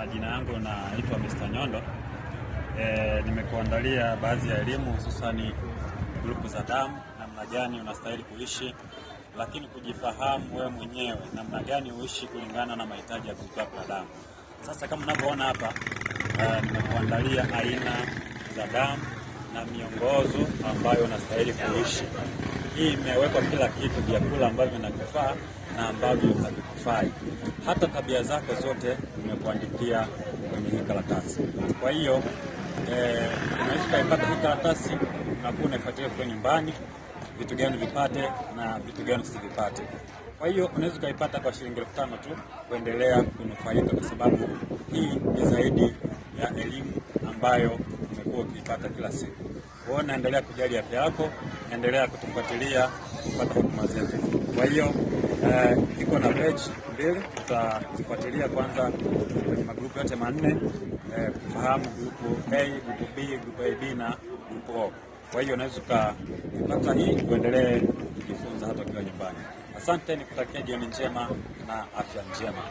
Majina yangu naitwa Mr. Nyondo. E, nimekuandalia baadhi ya elimu hususani grupu za damu, namna gani unastahili kuishi, lakini kujifahamu wewe mwenyewe, namna gani uishi kulingana na mahitaji ya grupu yako ya damu. Sasa kama unavyoona hapa, e, nimekuandalia aina za damu na miongozo ambayo unastahili kuishi hii imewekwa kila kitu, vyakula ambavyo vinakufaa na ambavyo havikufai, hata tabia zako zote nimekuandikia kwenye hii karatasi. Kwa hiyo eh, unaweza ukaipata hii karatasi, unakuwa unaifuatilia kwa nyumbani, vitu gani vipate na vitu gani usivipate. Kwa hiyo unaweza ukaipata kwa shilingi elfu tano tu kuendelea kunufaika, kwa sababu hii ni zaidi ya elimu ambayo umekuwa ukiipata kila siku. Kuona, endelea kujali afya yako, naendelea kutufuatilia kupata huduma zetu. Kwa hiyo eh, iko na page mbili, tutazifuatilia kwanza kwenye magrupu yote manne eh, kufahamu grupu A, grupu B, grupu AB na grupu O. Kwa hiyo unaweza ukapata hii uendelee kujifunza hata ukiwa nyumbani. Asante, nikutakia jioni njema na afya njema.